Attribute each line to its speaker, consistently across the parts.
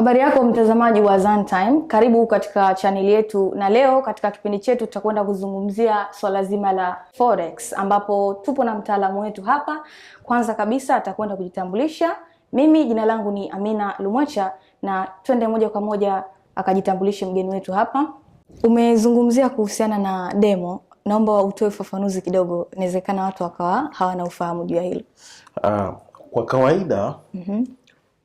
Speaker 1: Habari yako mtazamaji wa Zantime, karibu katika chaneli yetu, na leo katika kipindi chetu tutakwenda kuzungumzia swala zima la forex, ambapo tupo na mtaalamu wetu hapa. Kwanza kabisa atakwenda kujitambulisha. Mimi jina langu ni Amina Lumwacha, na twende moja kwa moja akajitambulishe mgeni wetu hapa. Umezungumzia kuhusiana na demo, naomba utoe ufafanuzi kidogo, inawezekana watu wakawa hawana ufahamu juu ya hilo.
Speaker 2: Uh, kwa kawaida mm -hmm.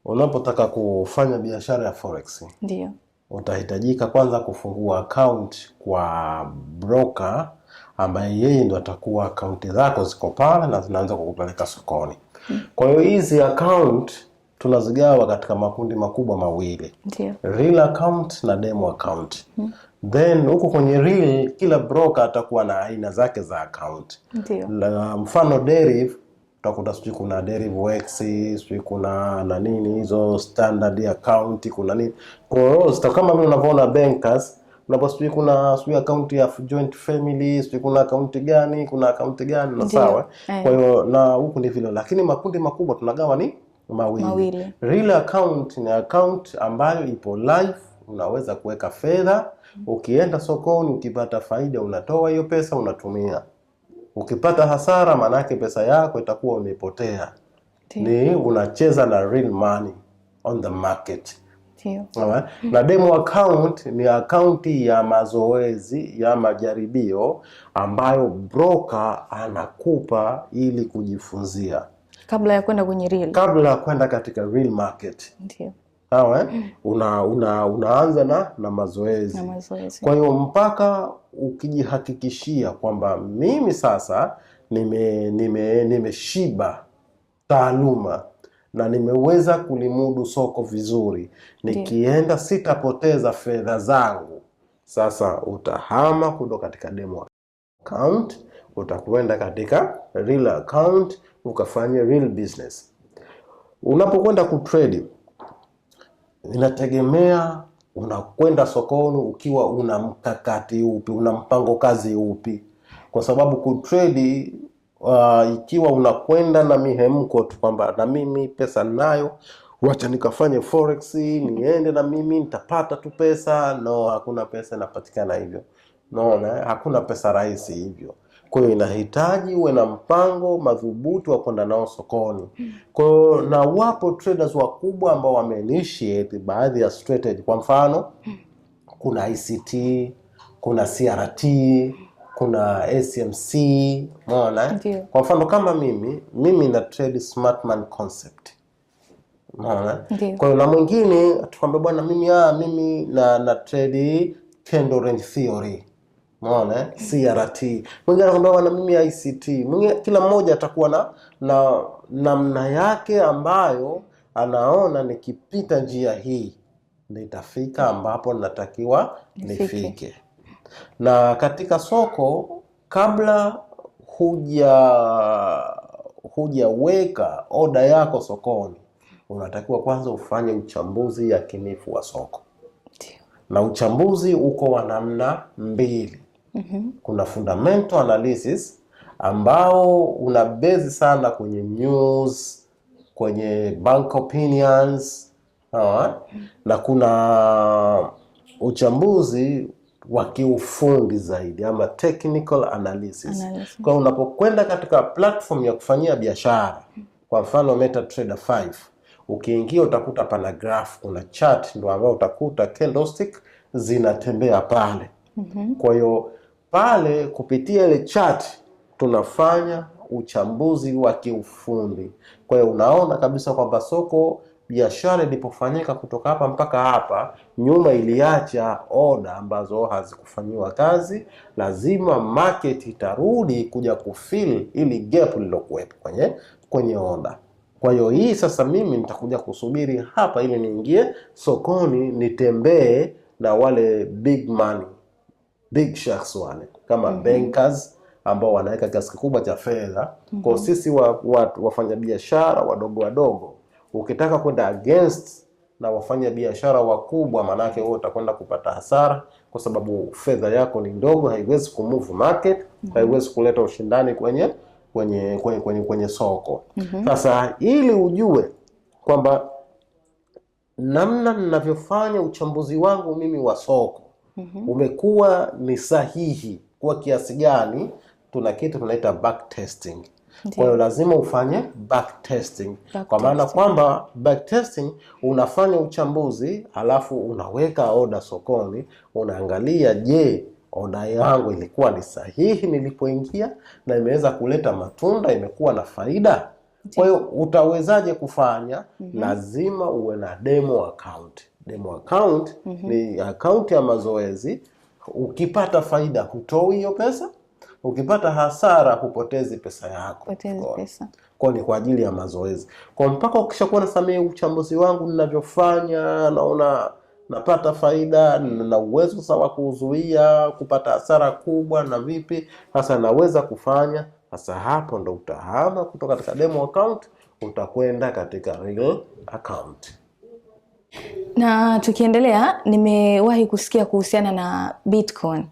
Speaker 2: Unapotaka kufanya biashara ya forex ndio utahitajika kwanza kufungua account kwa broker ambaye yeye ndo atakuwa akaunti zako ziko pale na zinaanza kukupeleka sokoni. Hmm. Kwa hiyo hizi account tunazigawa katika makundi makubwa mawili, real account na demo account. Hmm. Then huko kwenye real, kila broker atakuwa na aina zake za account. Ndio. Mfano derivative utakuta sijui kuna Derivex sijui kuna na nini hizo standard account kuna nini. Kwa hiyo kama vile unavyoona bankers unapo sijui kuna sijui account ya joint family sijui kuna account gani kuna account gani na sawa. Eh. Kwa hiyo na huku ni vile, lakini makundi makubwa tunagawa ni mawili, mawili. Real account ni account ambayo ipo live unaweza kuweka fedha, mm. ukienda sokoni ukipata faida unatoa hiyo pesa unatumia Ukipata hasara, maana yake pesa yako itakuwa umepotea. Ni unacheza na real money on the market. Awa. Mm-hmm. Na demo account ni akaunti ya mazoezi ya majaribio ambayo broker anakupa ili kujifunzia
Speaker 1: kabla ya kwenda kwenye real,
Speaker 2: kabla ya kwenda katika real market. Ndiyo sawa eh? Mm. una, una, unaanza na na mazoezi. Na mazoezi. Kwa hiyo mpaka ukijihakikishia kwamba mimi sasa nime nimeshiba nime taaluma na nimeweza kulimudu soko vizuri, nikienda sitapoteza fedha zangu. Sasa utahama kutoka katika demo account utakwenda katika real account ukafanye real business. Unapokwenda kutrade inategemea unakwenda sokoni ukiwa una mkakati upi, una mpango kazi upi, kwa sababu kutredi uh, ikiwa unakwenda na mihemko tu kwamba na mimi pesa ninayo, wacha nikafanye forex, niende na mimi nitapata tu pesa. No, hakuna pesa inapatikana hivyo. Naona hakuna pesa rahisi hivyo. Kwa hiyo inahitaji uwe na mpango madhubuti wa kwenda nao sokoni. Kwa hiyo na wapo traders wakubwa ambao wameinitiate baadhi ya strategy. Kwa mfano kuna ICT, kuna CRT, kuna SMC, umeona? Eh? Kwa mfano kama mimi, mimi na trade Smartman concept. Umeona? Eh? Kwa hiyo na mwingine tukwambia, bwana mimi ah mimi na na trade candle range theory. Unaona eh? CRT. Mwingine anakwambia bwana mimi ICT. Mwingine kila mmoja atakuwa na na namna yake ambayo anaona nikipita njia hii nitafika ambapo natakiwa nifike. Nifike. Na katika soko kabla huja hujaweka oda yako sokoni, unatakiwa kwanza ufanye uchambuzi yakinifu wa soko. Na uchambuzi uko wa namna mbili. -hmm. Kuna fundamental analysis ambao una base sana kwenye news, kwenye bank opinions awa, mm-hmm. na kuna uchambuzi wa kiufundi zaidi ama technical analysis, analysis. Kwa unapokwenda katika platform ya kufanyia biashara mm-hmm. kwa mfano MetaTrader 5 ukiingia utakuta pana graph, kuna chart ndio ambao utakuta candlestick zinatembea pale. mm -hmm. Kwa hiyo pale kupitia ile chat tunafanya uchambuzi wa kiufundi. Kwa hiyo unaona kabisa kwamba soko biashara ilipofanyika kutoka hapa mpaka hapa, nyuma iliacha oda ambazo hazikufanyiwa kazi. Lazima market itarudi kuja kufill ili gap lilokuwepo kwenye kwenye oda. Kwa hiyo hii sasa mimi nitakuja kusubiri hapa ili niingie sokoni nitembee na wale big money big sharks wale kama mm -hmm. bankers ambao wanaweka kiasi kikubwa cha fedha mm -hmm. Kwa sisi wa, wa, wafanyabiashara wadogo wadogo, ukitaka kwenda against na wafanyabiashara wakubwa, maanake wewe utakwenda kupata hasara, kwa sababu fedha yako ni ndogo, haiwezi kumove market mm -hmm. haiwezi kuleta ushindani kwenye kwenye kwenye kwenye, kwenye soko mhm. sasa mm -hmm. ili ujue kwamba namna ninavyofanya uchambuzi wangu mimi wa soko mm -hmm. umekuwa ni sahihi kwa kiasi gani, tuna kitu tunaita back testing. Kwa hiyo lazima ufanye back testing, back kwa maana kwamba back testing unafanya uchambuzi alafu unaweka oda sokoni, unaangalia je, oda yangu ilikuwa ni sahihi nilipoingia na imeweza kuleta matunda, imekuwa na faida. Kwa hiyo utawezaje kufanya? mm -hmm. Lazima uwe na demo account demo account mm -hmm. ni account ya mazoezi. Ukipata faida hutoi hiyo pesa, ukipata hasara hupotezi pesa yako, kwa ni kwa ajili ya mazoezi. Kwa mpaka ukishakuwa nasamia uchambuzi wangu ninavyofanya, naona napata faida na uwezo sawa kuzuia kupata hasara kubwa, na vipi sasa naweza kufanya sasa, hapo ndo utahama kutoka katika demo account utakwenda katika real account.
Speaker 1: Na tukiendelea, nimewahi kusikia kuhusiana na Bitcoin.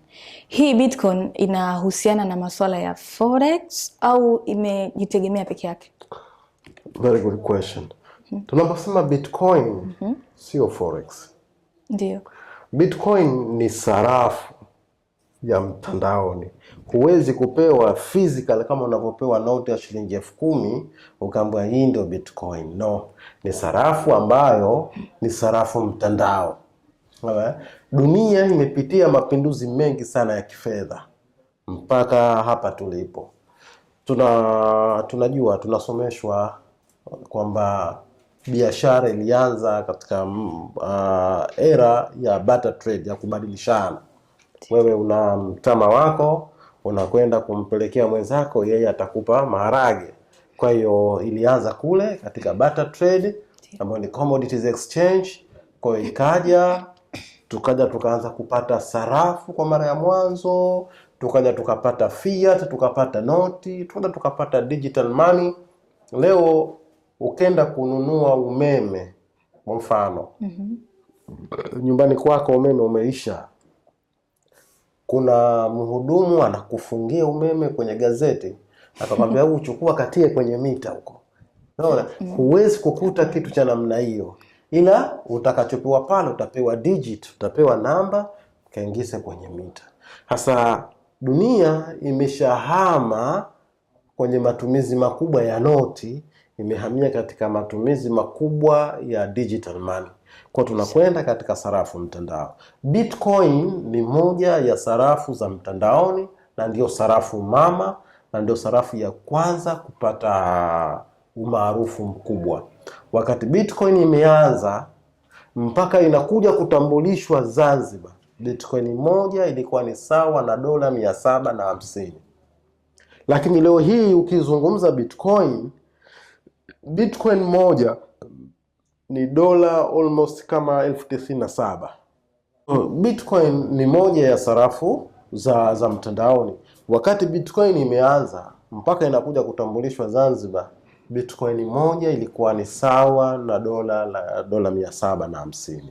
Speaker 1: Hii Bitcoin inahusiana na masuala ya forex au imejitegemea peke yake?
Speaker 2: Very good question. Mm -hmm. Tunaposema Bitcoin mm -hmm. sio forex. Ndio. Bitcoin ni sarafu ya mtandaoni. Huwezi kupewa physical kama unavyopewa note ya shilingi elfu kumi ukaambia hii ndio Bitcoin. No, ni sarafu ambayo ni sarafu mtandao. Dunia imepitia mapinduzi mengi sana ya kifedha mpaka hapa tulipo. Tuna tunajua tunasomeshwa kwamba biashara ilianza katika uh, era ya barter trade ya kubadilishana wewe una mtama wako unakwenda kumpelekea mwenzako, yeye atakupa maharage. Kwa hiyo ilianza kule katika barter trade ambayo ni commodities exchange. Kwa hiyo ikaja tukaja tukaanza kupata sarafu kwa mara ya mwanzo, tukaja tukapata fiat, tukapata noti, tukaja tukapata digital money. Leo ukenda kununua umeme kwa mfano mm -hmm. nyumbani kwako umeme umeisha kuna mhudumu anakufungia umeme kwenye gazeti akakwambia uchukua katie kwenye mita huko. Unaona, mm-hmm. huwezi kukuta kitu cha namna hiyo, ila utakachopewa pale utapewa digit, utapewa namba kaingize kwenye mita. Hasa dunia imeshahama kwenye matumizi makubwa ya noti, imehamia katika matumizi makubwa ya digital money. Kwa tunakwenda katika sarafu mtandao. Bitcoin ni moja ya sarafu za mtandaoni na ndiyo sarafu mama na ndio sarafu ya kwanza kupata umaarufu mkubwa. Wakati Bitcoin imeanza mpaka inakuja kutambulishwa Zanzibar, Bitcoin moja ilikuwa ni sawa na dola mia saba na hamsini. Lakini leo hii ukizungumza Bitcoin, Bitcoin moja ni dola almost kama elfu tisini na saba. Hmm, Bitcoin ni moja ya sarafu za za mtandaoni. Wakati Bitcoin imeanza mpaka inakuja kutambulishwa Zanzibar, Bitcoin moja ilikuwa ni sawa na dola la dola mia saba na hamsini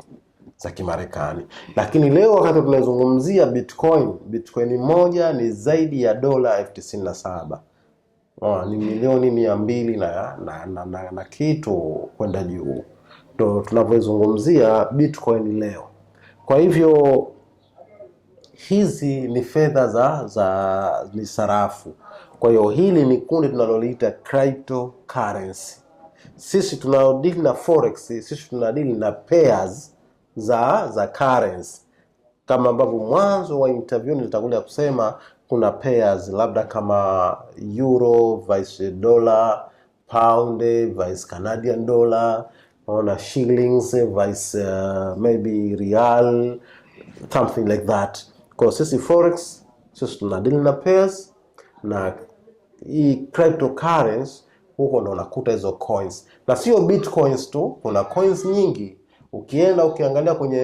Speaker 2: za Kimarekani, lakini leo wakati tunazungumzia Bitcoin, Bitcoin moja ni zaidi ya dola elfu tisini na saba. Oh, ni milioni mia mbili na, na, na, na, na kitu kwenda juu crypto tunavyozungumzia Bitcoin leo. Kwa hivyo hizi ni fedha za za ni sarafu. Kwa hiyo hili ni kundi tunaloliita cryptocurrency. Sisi tunadili na forex, sisi tunadili na pairs za za currency, kama ambavyo mwanzo wa interview nilitangulia kusema kuna pairs labda kama euro vice dollar, pound vice Canadian dollar ona shillings vice uh, maybe real something like that. ko sisi forex sisi tunadili na pairs na hii cryptocurrency huko ndo unakuta hizo coins, na sio bitcoins tu, kuna coins nyingi. Ukienda ukiangalia kwenye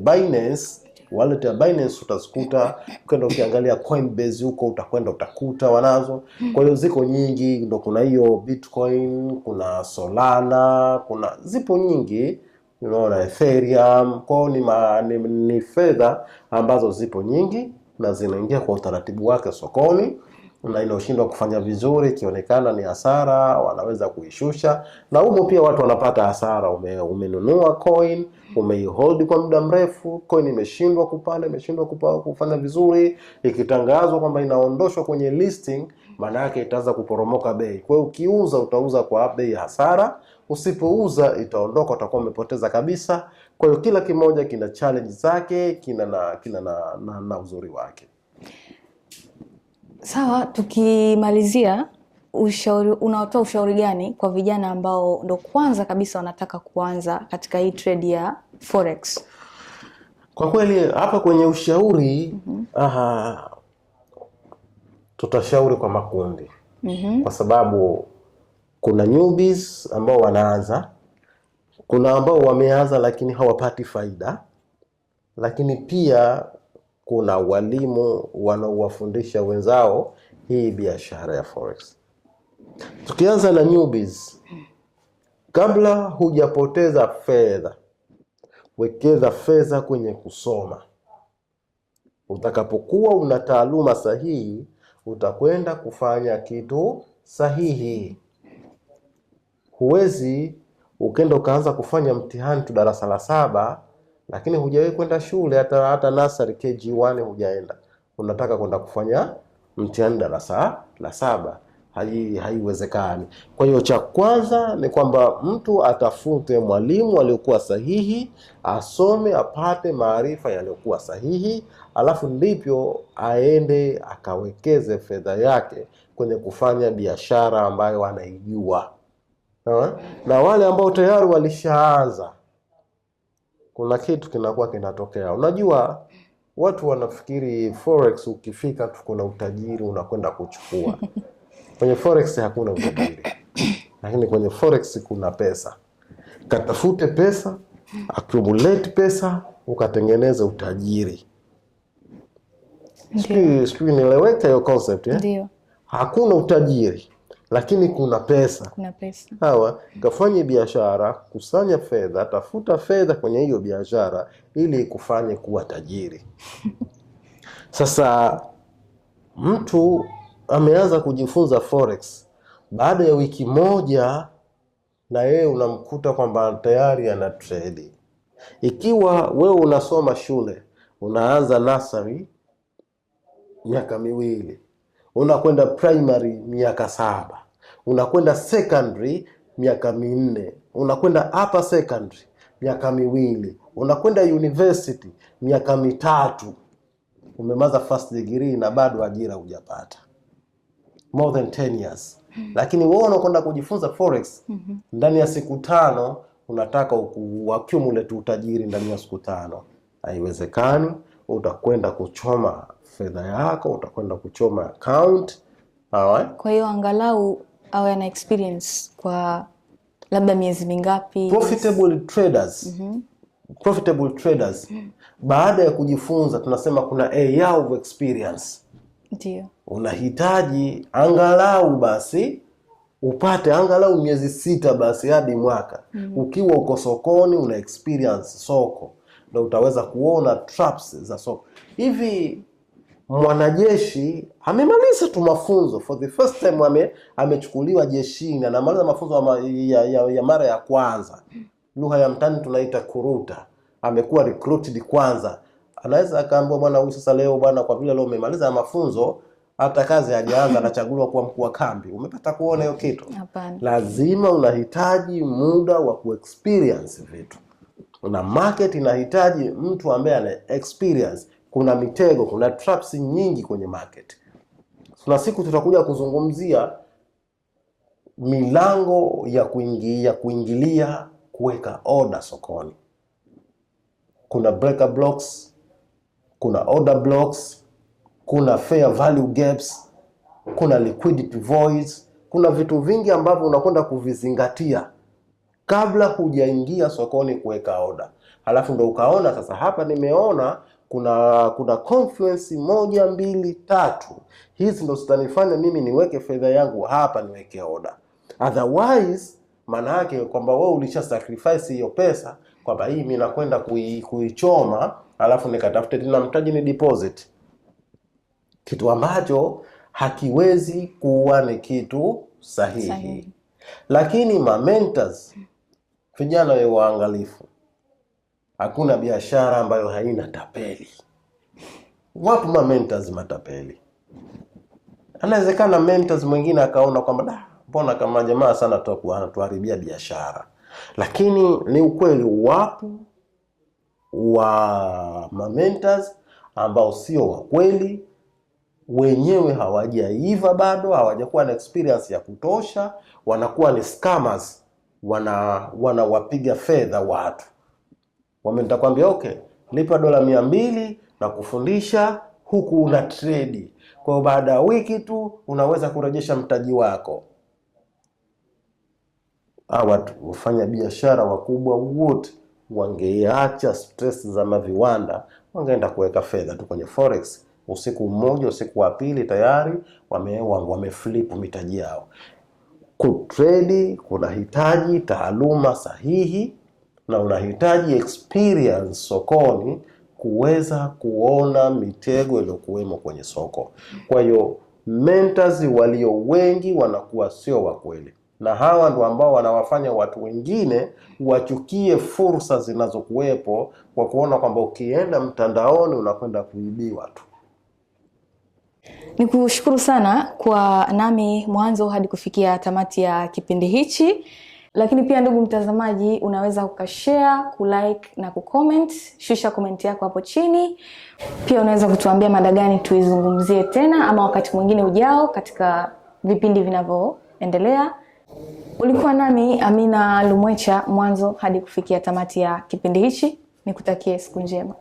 Speaker 2: Binance wallet ya Binance utazikuta, ukenda ukiangalia Coinbase huko utakwenda utakuta wanazo. Kwa hiyo ziko nyingi, ndo kuna hiyo Bitcoin, kuna Solana, kuna zipo nyingi unaona Ethereum. Kwao ni, ni, ni fedha ambazo zipo nyingi na zinaingia kwa utaratibu wake sokoni na iliyoshindwa kufanya vizuri ikionekana ni hasara, wanaweza kuishusha, na humo pia watu wanapata hasara. Ume, umenunua coin umeihold kwa muda mrefu, coin imeshindwa kupanda, imeshindwa kufanya vizuri, ikitangazwa kwamba inaondoshwa kwenye listing, maana yake itaanza kuporomoka bei. Kwa hiyo ukiuza, utauza kwa bei hasara, usipouza itaondoka, utakuwa umepoteza kabisa. Kwa hiyo kila kimoja kina challenge zake, kina na kina na, na, na uzuri wake.
Speaker 1: Sawa, tukimalizia ushauri, unaotoa ushauri gani kwa vijana ambao ndo kwanza kabisa wanataka kuanza katika hii trade ya forex?
Speaker 2: Kwa kweli hapa kwenye ushauri mm -hmm. aha, tutashauri kwa makundi mm -hmm. kwa sababu kuna newbies ambao wanaanza, kuna ambao wameanza lakini hawapati faida, lakini pia kuna walimu wanaowafundisha wenzao hii biashara ya forex. Tukianza na newbies, kabla hujapoteza fedha, wekeza fedha kwenye kusoma. Utakapokuwa una taaluma sahihi, utakwenda kufanya kitu sahihi. Huwezi ukenda ukaanza kufanya mtihani tu darasa la saba lakini hujawahi kwenda shule hata hata nasari KG1 hujaenda, unataka kwenda kufanya mtihani darasa la saba, haiwezekani. Kwa hiyo cha kwanza ni kwamba mtu atafute mwalimu aliyokuwa sahihi, asome apate maarifa yaliyokuwa sahihi, alafu ndipyo aende akawekeze fedha yake kwenye kufanya biashara ambayo anaijua, na wale ambao tayari walishaanza kuna kitu kinakuwa kinatokea. Unajua watu wanafikiri forex ukifika tu kuna utajiri unakwenda kuchukua. Kwenye forex hakuna utajiri, lakini kwenye forex kuna pesa. Katafute pesa, accumulate pesa, ukatengeneze utajiri. Sijui nieleweka hiyo concept eh? Ndio. Hakuna utajiri lakini kuna pesa, kuna pesa. Hawa kafanye biashara, kusanya fedha, tafuta fedha kwenye hiyo biashara ili kufanye kuwa tajiri. Sasa mtu ameanza kujifunza forex, baada ya wiki moja na yeye unamkuta kwamba tayari ana trade. Ikiwa wewe unasoma shule unaanza nasari miaka miwili unakwenda primary miaka saba, unakwenda secondary miaka minne, unakwenda upper secondary miaka miwili, unakwenda university miaka mitatu. Umemaza first degree na bado ajira hujapata, more than 10 years. Hmm. Lakini wewe unakwenda kujifunza forex mm-hmm. ndani ya siku tano, unataka accumulate utajiri ndani ya siku tano. Haiwezekani, utakwenda kuchoma fedha yako, utakwenda kuchoma account. Sawa. Kwa
Speaker 1: hiyo angalau awe na experience kwa labda miezi mingapi?
Speaker 2: Profitable traders. Mm -hmm. Profitable traders. Mm -hmm. Baada ya kujifunza tunasema kuna a year of experience. Ndio. Unahitaji angalau basi upate angalau miezi sita basi hadi mwaka. Mm -hmm. Ukiwa uko sokoni una experience soko, ndio utaweza kuona traps za soko. Hivi Mm. mwanajeshi amemaliza tu mafunzo for the first time ame, amechukuliwa jeshini, anamaliza mafunzo ya, ya, ya mara ya kwanza, lugha ya mtani tunaita kuruta, amekuwa recruited kwanza, anaweza akaambiwa bwana, huyu sasa leo bwana, kwa vile leo umemaliza mafunzo hata kazi hajaanza, anachaguliwa kuwa mkuu wa kambi. Umepata kuona hiyo kitu? Apani. Lazima unahitaji muda wa kuexperience vitu na market inahitaji mtu ambaye ana experience kuna mitego, kuna traps nyingi kwenye market. Kuna siku tutakuja kuzungumzia milango ya kuingia, kuingilia kuweka order sokoni. Kuna breaker blocks, kuna order blocks, kuna fair value gaps, kuna liquidity voids, kuna vitu vingi ambavyo unakwenda kuvizingatia kabla hujaingia sokoni kuweka order. Halafu ndo ukaona sasa, hapa nimeona kuna kuna confluence moja mbili tatu, hizi ndo zitanifanya mimi niweke fedha yangu hapa, niweke oda. Otherwise maana yake kwamba wewe ulisha sacrifice hiyo pesa, kwamba hii mimi nakwenda kuichoma kui, alafu nikatafute tena mtaji ni deposit, kitu ambacho hakiwezi kuwa ni kitu sahihi, sahihi. Lakini ma mentors vijana waangalifu Hakuna biashara ambayo haina tapeli. Wapo ma mentors matapeli. Anawezekana mentors mwingine akaona kwamba da, mbona kama jamaa sana anatuharibia biashara, lakini ni ukweli, wapo wa ma mentors ambao sio wa kweli, wenyewe hawajaiva bado, hawajakuwa na experience ya kutosha, wanakuwa ni scammers, wana wanawapiga fedha watu Wame nitakwambia okay, lipa dola mia mbili na kufundisha huku una trade. Kwa hiyo baada ya wiki tu unaweza kurejesha mtaji wako. Hawa wafanya biashara wakubwa wote wangeacha stress za maviwanda, wangeenda kuweka fedha tu kwenye forex. Usiku mmoja, usiku wa pili tayari wame mitaji yao. Kutredi hitaji taaluma sahihi na unahitaji experience sokoni kuweza kuona mitego iliyokuwemo kwenye soko. Kwa hiyo mentors walio wengi wanakuwa sio wa kweli, na hawa ndo ambao wanawafanya watu wengine wachukie fursa zinazokuwepo kwa kuona kwamba ukienda mtandaoni unakwenda kuibiwa tu.
Speaker 1: Ni kushukuru sana kwa nami mwanzo hadi kufikia tamati ya kipindi hichi. Lakini pia ndugu mtazamaji, unaweza ukashare, kulike na kucomment. Shusha komenti yako hapo chini. Pia unaweza kutuambia mada gani tuizungumzie tena, ama wakati mwingine ujao katika vipindi vinavyoendelea. Ulikuwa nami Amina Lumwecha mwanzo hadi kufikia tamati ya kipindi hichi. Nikutakie siku njema.